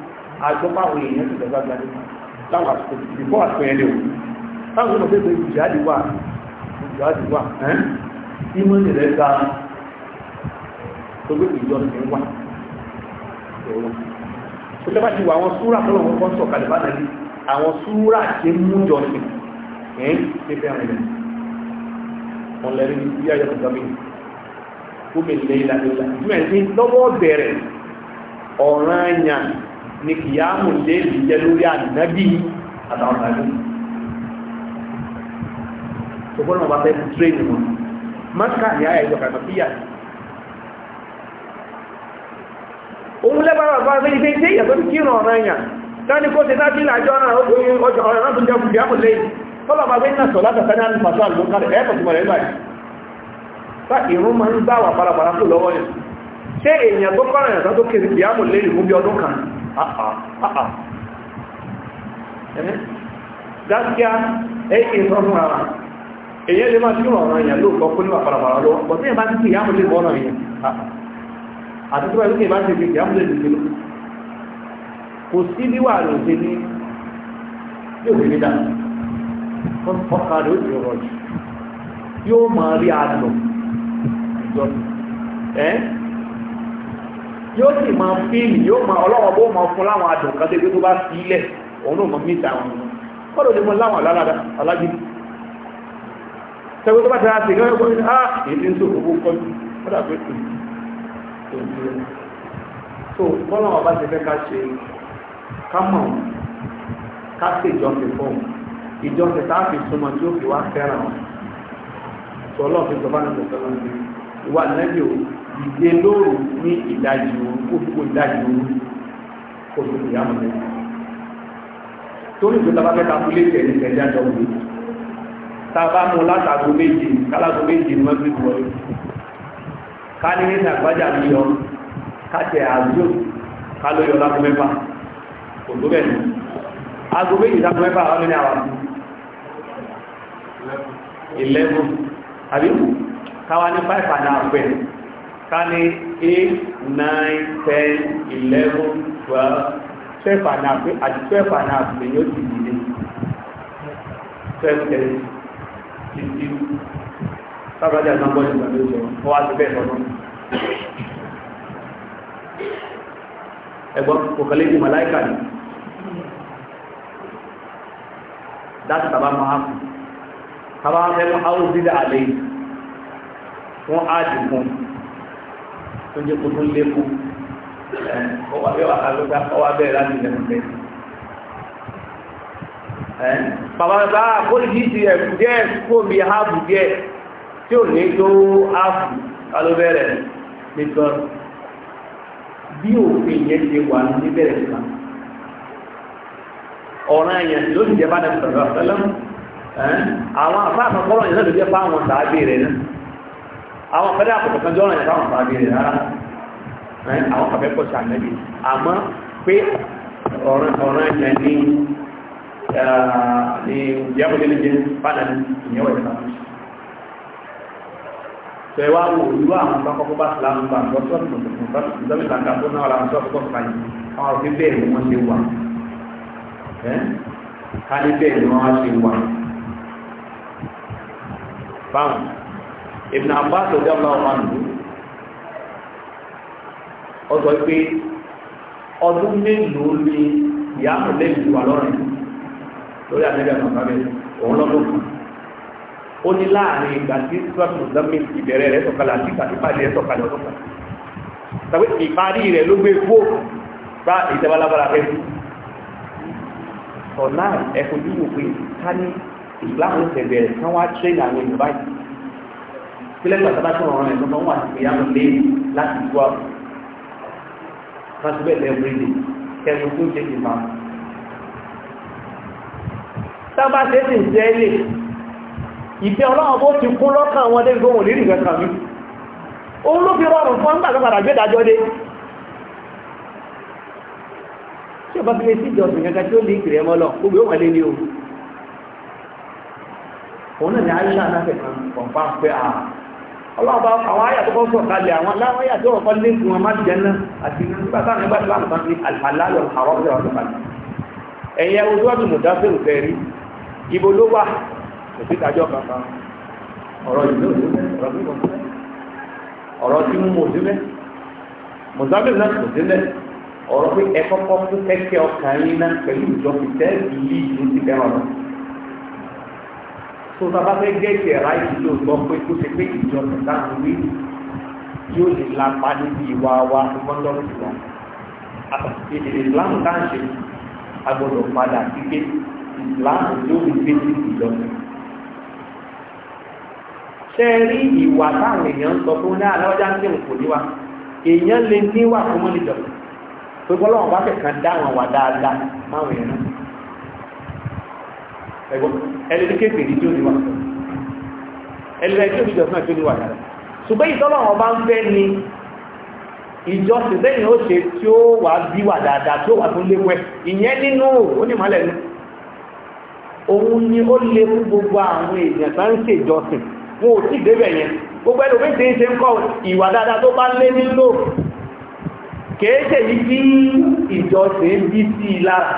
àjọpáwò èèyàn ti dẹ̀gbà gbà nípa láwọn àsìkò ìbọ́ àsìkò ẹ̀lẹ́ o táwọn ọmọ pépé ìjìyàdì wà ìjìyàdì wà ẹ́ ìmọ̀ ní rẹ̀ ga gbogbo ìjọ ní wà ọ̀rọ̀ tó lẹ́bà ti wà àwọn súrà tó lọ́wọ́ kan sọ kalẹ̀ bá nàlẹ́ àwọn súrà tí mú jọ sí ẹ́ pépé àwọn ẹ̀lẹ́ wọn lẹ́rìí bí ayọ̀ tó gbàmí kó mi lé ìlànà ìlànà ìjùmọ̀ ẹ̀ ni kìyàmù lè jẹ́ lórí ànábì àtàwọn àjò ṣùgbọ́n wọn bá fẹ́ fi tírèdì wọn mọ́ká ní àyà ìjọ kàmàkíyà òun lẹ́bàá bá fẹ́ ìgbé tí ìyàtọ̀ ti kírun ọ̀rọ̀ ẹ̀yà tání kó ti láti ìlàjọ́ náà ọjọ́ ọ̀rọ̀ náà tún jẹ́ kùdíàmù lẹ́yìn tọ́lọ̀ bá fẹ́ náà sọ látàkà ní àlùfàṣọ́ àlùmọ́kàlẹ̀ ẹ̀ẹ́kọ̀ tí mo rẹ̀ báyìí bá tó lọ́wọ́ yẹn ṣé èèyàn tó kọ́rọ̀ fún bí ọdún kan Eh? gaskiya yake eh, sọ́run ara èyẹ lè máa ṣíwọ̀n ọ̀rọ̀ èèyàn lóòkọ́ kó níwà farabara lọ bọ̀ tí ìbá ti fi ìyàmù lè bọ́ọ̀rọ̀ èèyàn àti tí wọ́n ìbá ti fi ìyàmù lè dìde kò sí níwà rẹ̀ òde ní yóò fi nídà ọkà rẹ̀ ó ti rọ̀ jù yóò máa rí àdùn ìjọ ẹ́ yóò sì máa fíìmù yóò máa ọlọ́wọ́n bó máa fún láwọn àdùn kan tó bá sí ilẹ̀ òun náà máa mìta àwọn ọmọ kọ́lọ̀ ní mo láwọn aláàjì tẹ́gbẹ́ tó bá tẹ́ra ah, sí gẹ́gẹ́ gbọ́nà so kọ́lọ̀ wọn bá ti fẹ́ ká ṣe ká mọ̀ ká sí ìjọsìn fún ìjọsìn tá a fi súnmọ́ tí ó fi wá fẹ́ràn wọn sọ ọlọ́ọ̀fin sọ bá ní sọ ìdè lóòrù ní ìdajì òru kó fúkó ìdajì òru kó fúkó ìyàmù lẹ́yìn torí ìjọ tàbá fẹ́ kakúlé tẹ̀lé tẹ̀lé àjọ òwe tàbá mú látàgò méje kálágò méje ní mọ́tò ìwọ̀ yìí ká ní ní àgbájá mi yọ ká tẹ àjò ká ló yọ lágò mẹ́fà kò tó bẹ́ẹ̀ ni àgò méje lágò mẹ́fà wọn ní àwọn ìlẹ́gùn àbí káwa ní báyìí padà àpẹẹrẹ ká ní 8 9 10 11 12 twelve and a half àti twelve and a half lè yóò ti dìde twelve ten fifty sábàjá náà bọ́ọ̀lù ìgbà ló jẹ wọ́n wá sí bẹ́ẹ̀ lọ́nà ẹ̀gbọ́n kòkànlé ní màláìkà ni láti bàbá máa kù bàbá máa fẹ́ mọ́ àwọn òbí dà àlẹ́ yìí wọ́n á dì fún un tó jẹ́ tuntun lékún ọwọ́ abẹ́rẹ́ láti lẹ́nu lẹ́nu bàbá bá ah, kólíjì ti ẹ̀kù díẹ̀ fóòmì ààbù díẹ̀ tí ò ní tó áàbù alóbẹ̀rẹ̀ nìkan bí òfin yẹn ti wà ní bẹ̀rẹ̀ kan ọ̀ràn èèyàn ló ti jẹ́ bá nẹ́bùsọ̀rọ̀ àwọn àfáàfà kọ́rọ̀ yẹn náà ló jẹ́ fáwọn sàábì rẹ̀ náà àwọn kọ́dá àpò kan jọ́ràn yẹn fáwọn fàábí rẹ̀ rárá àwọn kàfẹ́ pọ̀ sí ànẹ́bí àmọ́ pé ọ̀ràn yẹn ní ní ìyàwó lè jẹ́ padà ní ìyàwó ìfà tẹ wá wo ìlú àwọn akọkọ bá sàlámù bá lọ sọ fún òṣèlú bá sọ ìdámì kàkà tó náà làwọn Ibn Abbas ọjọ́ ọlá ọmọ nù ọ sọ pé ọdún mélòó ni ìyá àwọn lẹ́yìn ìwà lọ́rùn lórí àtẹ́gbẹ́ àmàbẹ́ òun lọ́dún kan ó ní láàrin ìgbà tí sọ́ọ̀tù sọ́ọ̀mì ìbẹ̀rẹ̀ rẹ̀ sọ̀kalẹ̀ àti ìgbà tí pàdé rẹ̀ sọ̀kalẹ̀ ọdún kan tàbí ìparí rẹ̀ ló gbé fó bá ìjọba lábára rẹ̀ ọ̀la ẹ̀kọ́ yìí wò pé ká ní ìsìláàmù tẹ̀bẹ̀rẹ̀ kí wọ́n á tẹ́ àwọn ìbáyìí kílẹ̀ pàtàkì àti ọ̀rọ̀ rẹ̀ lọ́wọ́ wà sí ìyàwó lé láti tó àpò láti bẹ̀rẹ̀ ẹ̀bùrẹ́dẹ̀ kẹrin tó ṣe ìmá tábà ṣe sì ń jẹ́ ilé ìfẹ́ ọlọ́run bó ti kún lọ́kàn wọn dé gbóhùn lérì kankan mi òun ló fi rọrùn fún nígbà tó padà gbé dájọ́ dé tí ọba fi lè sí ìjọsìn kankan tí ó lè kiri ẹmọ lọ gbogbo yóò wọlé ní o òun náà ni àyíṣà náà fẹ̀ kan kọ̀ǹpá pé àà ah, ọlọ́ọ̀bá àwọn àyà tó kọ́kọ́ kalẹ̀ àwọn láwọn àyà tó kọ́kọ́ lé fún wọn má jẹ́ náà àti nígbà táwọn ẹgbẹ́ ìlànà kan fi àlálọ̀ àwọn ọ̀rọ̀ ọ̀rọ̀ kalẹ̀ ẹ̀yẹ ojú ọdún mùdásẹ́rù fẹ́ rí ibo ló wà kò sí ìdájọ́ kankan ọ̀rọ̀ ìlú ọ̀rọ̀ tí mú mò sílẹ̀ mùsàlùmí tó bàbá fẹ́ gẹ́gì ẹ̀rá yìí ló gbọ́ pé kó ṣe pé ìjọba táwọn wí yóò lè lápá níbi ìwà wa mọ́tọ́ọ̀tì wa èdè ìsìláàmù tá à ń ṣe agbọ́dọ̀ padà síké ìsìláàmù yóò lè gbé sí ìjọba. ṣé ẹ rí ìwà táwọn èèyàn ń sọ fún ní aláwọ́jà ń tẹ̀wọ̀n kò níwà èèyàn lè níwà fún mọ́nìjọ pé bọ́lọ́wọ́n bá fẹ̀ kan dá àwọn dáadáa máwọn èèyàn ẹlẹ́dí kéfèrí tí ó ní wà ẹlẹ́dí tí ó ní jọ̀sán tí ó ní wà dára ṣùgbọ́n ìtọ́lọ́wọ́n bá ń fẹ́ ni ìjọsìn sẹ́yìn ó ṣe tí ó wà bí wà dáadáa tí ó wà tó léwẹ́ ìyẹn nínú onímọ̀lẹ̀ nù òun ni ó lé fún gbogbo àwọn èèyàn tó ń ṣe ìjọsìn wọn ò tí débẹ̀ yẹn gbogbo ẹlòmí tí ń ṣe ń kọ́ ìwà dáadáa tó bá lé nílò kèéṣe yìí tí ìjọsìn bí sí i lára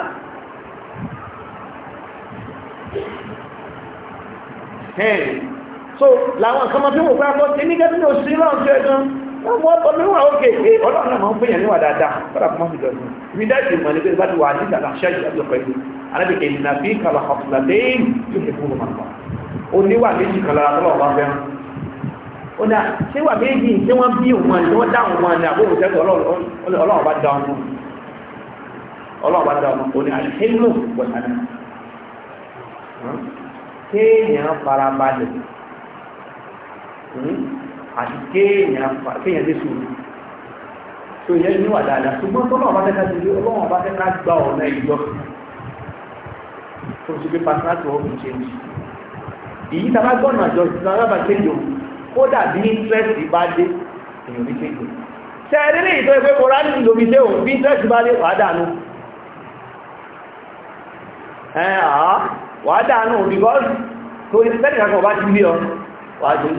so làwọn kan máa fi wò pápọ̀ tí ní gẹ́gẹ́ bí òsì náà tí ẹjọ́ wọ́n tọ́ mi wà ókè ọlọ́run náà máa ń fẹ́yàn níwà dáadáa fọ́dà kọ́ máa fi dọ̀tún mi dá ní pé bá ti wà kàlà déyìn fi kúrò máa pa méjì fẹ́ràn méjì wọ́n bí ni wọ́n dáhùn wọn ni àbúrò sẹ́kọ̀ ọlọ́run bá kéèyàn farabalẹ̀ hmm? àti kéèyàn lé sùúrù tó yẹ níwà dáadáa ṣùgbọ́n tó náà bá tẹ́ka sí ọlọ́wọ́n bá tẹ́ka gba ọ̀nà ìjọ tó ti gbé pàtàkì ọ̀hún ṣe ní ìyí tá a bá gbọ́nà àjọ ìṣúná alábà kéjì òun kódà bí íńtírẹ́sì bá dé èèyàn ní kéjì ṣe é nílé ìtọ́ ìpé kò rání lómi dé òun bí íńtírẹ́sì bá dé wàá dànù wà á dànù because torí sẹ́ni kankan bá ti bí ọ wà á dé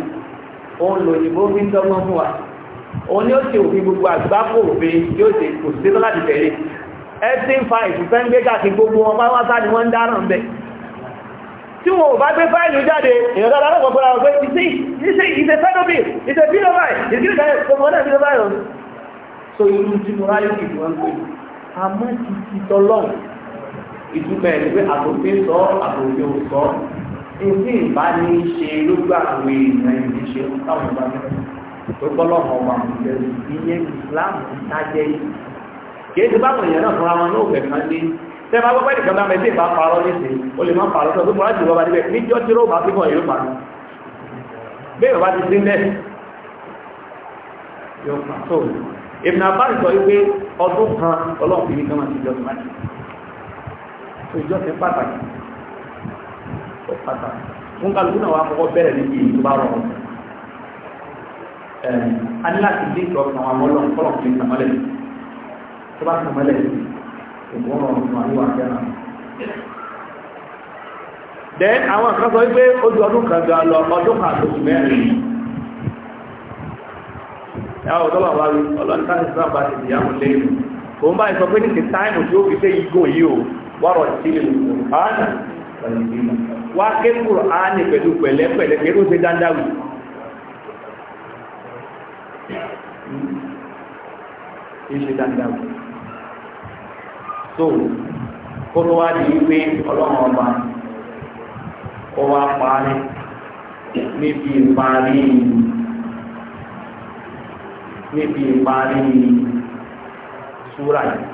òun lò òyìnbó fi ń dọ́gbọ́n fún wa òun ni ó ṣe òfin gbogbo àgbákò òfin tí ó ṣe kò sí láti tẹ̀lé ẹsìn fáìlì fẹ́ ń gbé káàkiri gbogbo wọn bá wáṣá ni wọ́n ń dáràn bẹ́ẹ̀ tí wọn ò bá gbé fáìlì jáde èèyàn dára lọ́pọ̀ pẹ̀lú àwọn pé ìṣe ìṣe fẹ́dọ̀bì ìṣe bílọ̀ báyìí ìṣe so irú tí mo ráyè kìí wọn pè àmọ́ ti ti tọ́lọ́run ìtumọ̀ ẹ̀ ni pé àtòfin sọ àtòfin ò sọ etí ìbá ní í ṣe lójú àwọn èèyàn ìdí ṣe táwọn ìbá fẹ́ tó gbọ́dọ̀ hàn wà lójú ìyẹn Islam tájẹ́ yìí kìí ti báwọn èèyàn náà fúnra wọn ní òfẹ́ kan ní tẹ́ bá gbọ́pẹ́ nìkan bá mẹ́tẹ́ ìbá parọ́ nísìn o lè má parọ́ sọ́dún mọ́ra jùlọ bá níbẹ̀ níjọ́ tí ó bá fi hàn yóò parọ́ bẹ́ẹ̀ bá ti sí lẹ̀ yóò parọ́ sọ wípé ọdún kan ọlọ́run fi ní kan máa ti ìjọ ti pàtàkì ó pàtàkì fún kálukú náà wà á kọ́kọ́ bẹ̀rẹ̀ níbi èyí tó bá rọrùn a ní láti dé ìtọ́ ọ̀nà àwọn ọlọ́run kọ́lọ̀ fi sàmọ́lẹ̀ tó bá sàmọ́lẹ̀ ìgbọ́n rọrùn fún àríwá kẹ́nà then àwọn kan sọ wípé ojú ọdún kan gan lọ ọdún kan àtòkù mẹ́rin ẹwà ọ̀dọ́lọ̀ wá rí ọlọ́run táìsì náà bá ti dìyàwó lẹ́yìn òun báyìí sọ ní ti táìmù tí ó fi ṣe igbó yìí o wọ́rọ̀ sílẹ̀ kùránà wá ké kùránì pẹ̀lú pẹ̀lẹ́pẹ̀lẹ́ kí ló ṣe dáńdáwì kí ṣe dáńdáwì so kó ló wá di wípé ọlọ́run ọba ó wá parí níbi ìparí níbi ìparí súra yìí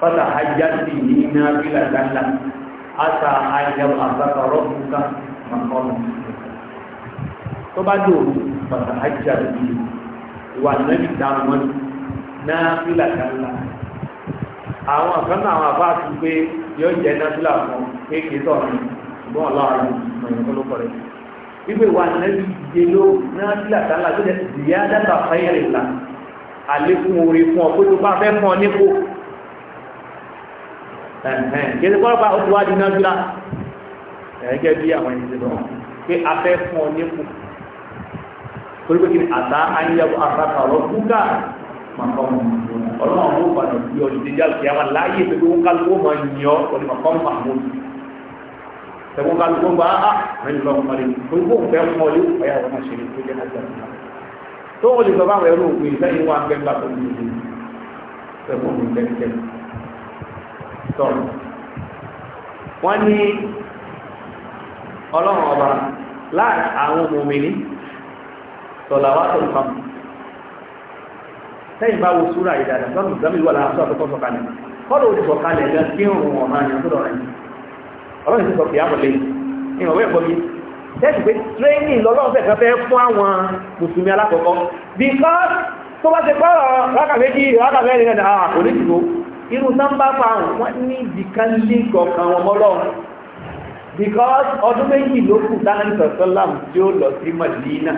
fata hajjati ní náàbílà dáńlá àtà àjẹm àbáta rọ́bùkà mọ̀kànlá tó bá dòrò fata hajjati wà lẹ́bí dáwọn náàbílà dáńlá àwọn àkànnà àwọn àbá àti pé yóò jẹ náàbílà fún kéèkéé tọ̀rin ṣùgbọ́n ọlọ́run mọ̀yàn tó ló kọ̀rẹ́ wípé wà lẹ́bí jẹ́ló náàbílà dáńlá tó jẹ́ ìyá dáta fẹ́yẹ̀rẹ̀ là àlékún orí fún ọ pé tó bá fẹ́ fún ọ nípò kìí kọ́ bá oṣù wájú náà jùlá ẹ̀ẹ́gẹ́ bí àwọn ẹni tẹ̀lọ́ pé a fẹ́ fún ọ nípò torí pé kí ni àtà ayéyàwó àtàkà ọ̀rọ̀ kúkà màkọ́mù ọlọ́run ló padà bí ọdún ìdíjà kí a máa láàyè pé wọ́n ká ló máa yìn ọ́ ọdún màkọ́mù mahmoud tẹ̀wọ́n ká ló gba á rẹ̀ lọ́wọ́ parí torí pé òun fẹ́ mọ́ tọ wọn ní Ọlọ́run ọba láàrin àwọn mòmìnì tọlà wà tó nǹkan sẹ́yìn bá wo súra ìdàdà sọnù ìdámì wà láàrin sọtọ tọsọ kalẹ̀ kọlọ òdì sọ̀kalẹ̀ gan kí ń rùn ọmọ àyàn tó dọrẹ Ọlọ́run ti sọ fìyà wọlé ìwọn wẹ gbọmí tẹsí pé tírénì lọ́lọ́run fẹẹ fẹẹ fún àwọn mùsùlùmí alákọ̀ọ́kọ́ bí kọ tó bá ti irú nọ́mbà fáwọn wọ́n ní ìdìkan líǹkì ọ̀kan wọn mọ́lọ́run because ọdún méjì ló kù dáhùn sọ̀sọ́làm tí ó lọ sí Madina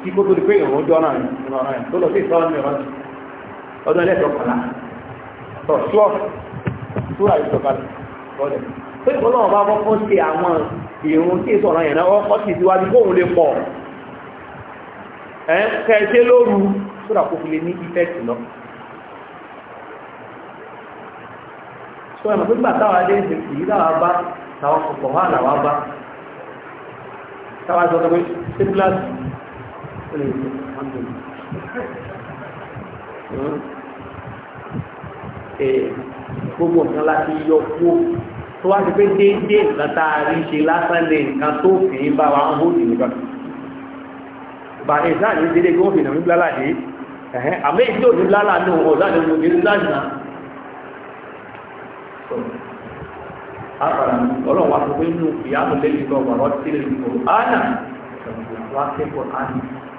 tí kó tó di pé ìrùn jọ́nà ìrọ̀rùn tó lọ sí ìsọ́rọ̀ mìíràn ọdún ẹlẹ́tọ̀ kọ̀lá tọ̀ ṣọ́ ṣúra ìjọba lọ́dẹ̀ pé ìfọ́lọ́wọ́n bá kọ́kọ́ ṣe àwọn ìrùn tí ìsọ̀rọ̀ yẹn náà ọkọ̀ ti síwájú kóhun lè tó ẹ̀mọ̀ pípa táwa dé ìdè kìí láwa bá táwa kọ̀kọ̀ wà láwa bá táwa sọ pé sípílàsì ó lè ṣe ọ̀dọ̀ gbogbo nǹkan láti yọ kú tó wá ti pé déédéé nǹkan ṣe lásán nǹkan tó fi ń bá wa ń hó ìlú kan bàrẹ̀ ìsáà ní déédéé gómìnà ń blálàdé àmì ìdí òní blálà náà ọ̀dọ́ àti òní blálà náà àbàrà ọlọ́run wa sọ pé nínú ìyáàmù lẹ́yìn lọ wà lọ́tí lè lò ánà wà kẹ́kọ̀ọ́ ánì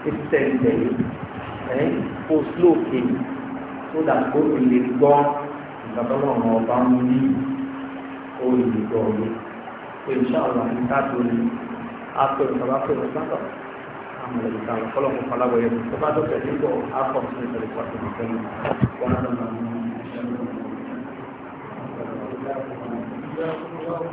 ìtẹ̀lẹ̀ ẹ̀ kó slow kéde tó dà kó ìlè gbọ́ ìgbàdọ́wọ́ ọ̀nà ọba ń ní òòlù gbọ́ ọ̀lẹ́ pé iṣẹ́ àwọn àyíká tó ní apẹ̀ ìjọba pé wọ́n sábà àwọn ìlẹ̀kà ọlọ́run falábọ̀ yẹn tó bá dọ̀kẹ́ Thank you.